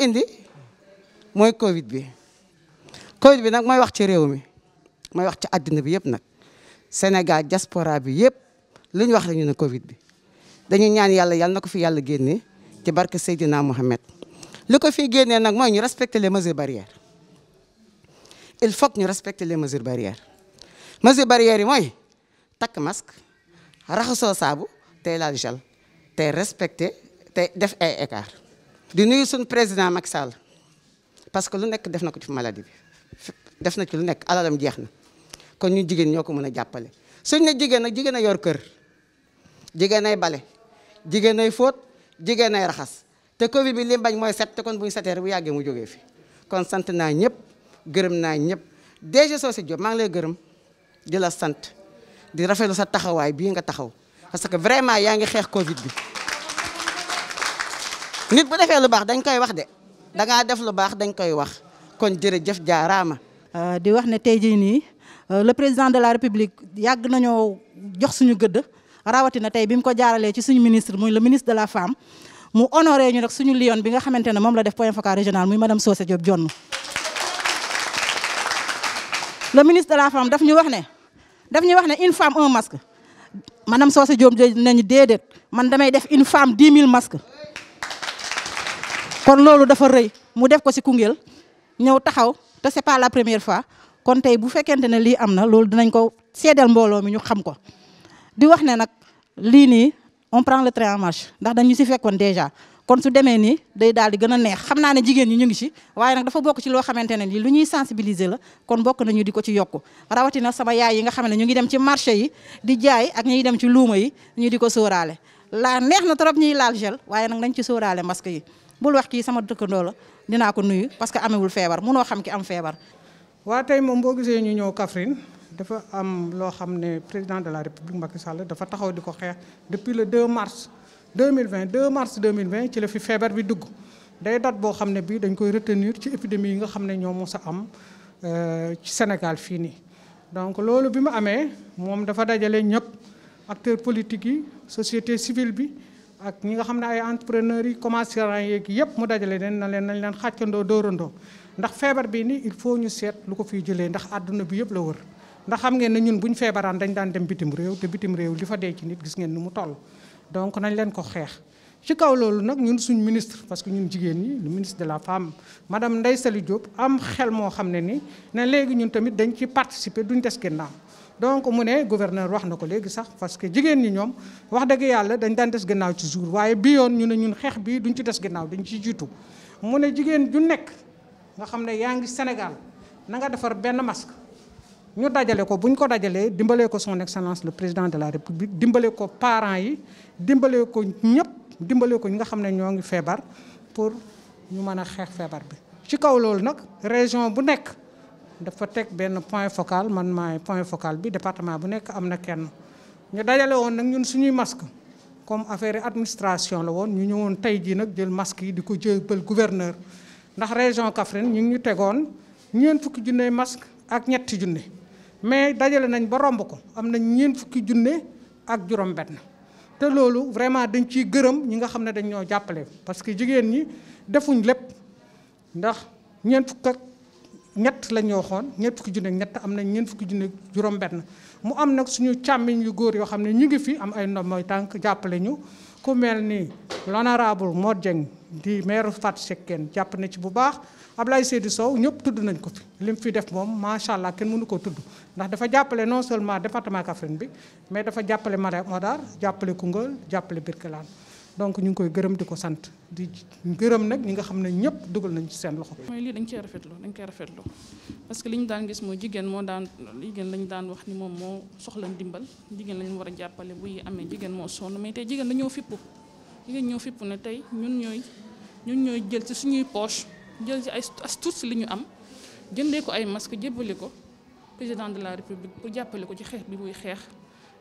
indi mooy Covid bi Covid bi nag mooy wax ci réew mi mooy wax ci àddina bi yëpp nag Sénégal diaspora bi yëpp lu ñu wax lañu ne Covid bi dañuy ñaan yàlla yàlla na ko fi yàlla génne ci barke Seydina Mohamed li ko fi génnee nag mooy ñu respecter les mesures barrières il faut ñu respecter les mesures barrières mesures yi mooy takk masque raxasoo saabu tey laal gel tey respecter tey def ay écart di nuyu suñu président Macky saal parce que lu nekk def na ko ci di bi def na ci lu nekk alalam jeex na kon ñu jigéen ñoo ko mën a jàppale suñ ne jigéen nag jigéen a yor kër jigéen ay bale jigéen ay fóot jigéen ay raxas te Covid bi li bañ mooy set te kon bu ñu setee bu yàggee mu jógee fi kon sant naa ñëpp gërëm naa ñëpp DG Socé Diop maa ngi lay gërëm di la sant di rafetlu sa taxawaay bii nga taxaw parce que vraiment yaa ngi xeex Covid bi. nit bu defee lu baax dañ koy wax de dangaa def lu baax dañ koy wax kon jërëjëf jaaraama. Euh, di wax ne tey jii nii euh, le président de la république yàgg nañoo jox suñu gëdd rawatina tey bi mu ko jaaralee ci suñu ministre muy le ministre de la femme mu honoré ñu nag suñu lion bi nga xamante ne moom la def point focal régional muy madame Socé Diop Dione. le ministre de la femme daf ñu wax ne daf ñu wax ne une femme un masque madame Socé Diop nañu déedéet man damay def une femme dix mille masques. kon loolu dafa rëy mu def ko si Koungheul ñëw taxaw te c'est pas la première fois kon tey bu fekkente ne lii am na loolu dinañ ko seedeel mbooloo mi ñu xam ko di wax ne nag lii nii on prend le train en marche ndax dañu si fekkoon déjà kon su demee nii day daal di gën a neex xam naa ne jigéen ñi ñu ngi si waaye nag dafa bokk ci loo xamante ne nii lu ñuy sensibiliser la kon bokk nañu di ko ci yokku rawatina sama yaay yi nga xam ne ñu ngi dem ci marché yi di jaay ak ñuy dem ci luuma yi ñu di ko sóoraale laa neex na trop ñuy laal gel waaye nag nañ ci sóoraale masque yi bul wax kii sama dëkkandoo la dinaa ko nuyu parce que amewul feebar munoo xam ki am feebar. waa tey moom boo gisee ñu ñëw Kaffrine dafa am loo xam ne président de la république Macky Sall dafa taxaw di ko xeex depuis le deux mars 2020 deux mars 2020 ci la fi feebar bi dugg day date boo xam ne bii dañ koy retenir ci épidémie yi nga xam ne ñoo mos a am euh, ci Sénégal fii nii. donc loolu bi mu amee moom dafa dajale ñëpp acteur politiques yi société civile bi. ak ñi nga xam ne ay entrepreneurs yi commerçants yeeg yëpp mu dajale leen na leen nañ leen xàccandoo dóorandoo ndax feebar bi ni il faut ñu seet lu ko fiy jëlee ndax àdduna bi yëpp la wër ndax xam ngeen ne ñun bu ñu feebaraan dañ daan dem bitim réew te bitim réew li fa dee ci nit gis ngeen ni mu toll donc nañ leen ko xeex ci kaw loolu nag ñun suñ ministre parce que ñun jigéen ñi le ministre de la femme madame Ndeye Saly Diop am xel moo xam ne ni ne léegi ñun tamit dañ ci participer duñ des gannaaw donc mu ne gouverneur wax na ko léegi sax parce que jigéen ñi ñoom wax dëgg yàlla dañ daan des gannaaw ci jour waaye bii yoon ñu ne ñun xeex bi duñ ci des gannaaw dañ ci jiitu mu ne jigéen ju nekk nga xam ne yaa ngi Sénégal na nga defar benn masque ñu dajale ko bu ñu ko dajalee dimbalee ko son excellence le président de la république dimbalee ko parent yi dimbalee ko ñëpp dimbalee ko ñi nga xam ne ñoo ngi feebar pour ñu mën a xeex feebar bi ci kaw loolu nag bu nekk dafa teg benn point focal man maay point focal bi département bu nekk am na kenn ñu dajale woon nag ñun suñuy masque comme affaire administration la woon ñu ñëwoon tey jii nag jël masque yi di ko jébal gouverneur ndax région Kaffrine ñu ngi ñu tegoon ñeent fukki junne masque ak ñetti junne mais dajale nañ ba romb ko am nañ ñeent fukki junne ak juróom-benn te loolu vraiment dañ ciy gërëm ñi nga xam ne dañ ñoo jàppale parce que jigéen ñi defuñ lépp ndax ñeent fukk ñett la ñu waxoon ñeent fukki junne ñett am na ñeent fukki junne juróom-benn mu am nag suñu càmmiñ yu góor yoo xam ne ñu ngi fi am ay ndombay tànk jàppale ñu ku mel ni l'honorable moo Dieng di maire Fatou Seck kenn jàpp na ci bu baax lay Seydou Sow ñëpp tudd nañ ko fi li mu fi def moom macha allah kenn mënu koo tudd ndax dafa jàppale non seulement département Kaffrine bi mais dafa jàppale Mada Modar jàppale Koungheul jàppale Birkelane donc ñu ngi koy gërëm di ko sant di gërëm nag ñi nga xam ne ñëpp dugal nañ ci seen loxo. mooy lii dañ cee rafetlu dañ koy rafetlu parce que li ñu daan gis moo jigéen moo daan jigéen lañu daan wax ni moom moo soxla ndimbal jigéen lañu war a jàppale buy amee jigéen moo sonn mais tey jigéen dañoo fippu jigéen ñoo fippu ne tey ñun ñooy ñun ñooy jël ci suñuy poche jël si ay as si li ñu am jëndee ko ay masque jébbali ko président de la république pour jàppale ko ci xeex bi buy xeex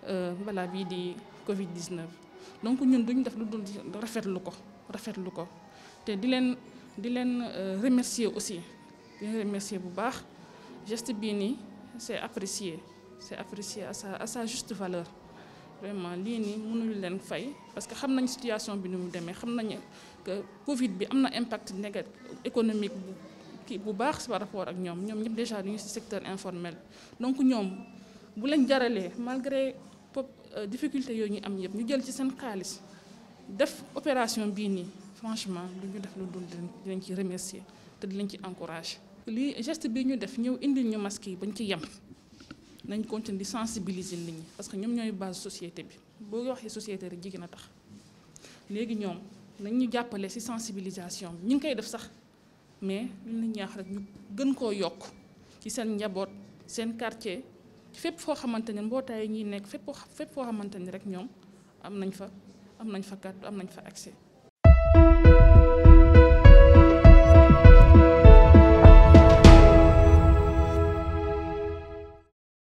euh, balaa bii di Covid 19. donc ñun duñ def lu dul rafetlu ko rafetlu ko te di leen di leen euh, remercier aussi di leen bu baax geste bii nii c'est apprécié c'est apprécié à sa à sa juste valeur vraiment lii nii mënuñu leen fay parce que xam nañ situation bi nu mu demee xam nañu que Covid bi am na impact négatif économique bu kii bu baax par rapport ak ñoom ñoom ñëpp déjà ñu ngi secteur informel donc ñoom bu leen jaralee pop euh, difficulté yooyu ñu am yëpp ñu jël ci seen xaalis def opération bii nii franchement lu ñu def lu dul dinañ leen ci remercier te di ci encourager. li geste bi ñu def ñëw indi ñu masque yi bañ ci yem nañ continuer di sensibiliser nit ñi parce que ñoom ñooy base société bi boo waxee société rek jigéen a tax léegi ñoom nañ ñu jàppale ci sensibilisation bi ñu ngi koy def sax mais ñu la ñaax rek ñu gën koo yokk ci seen njaboot seen quartier. fépp foo xamante ne mbootaay yi ñuy nekk fépp fépp foo xamante ni rek ñoom am nañ fa am nañ fa kàddu am nañ fa accès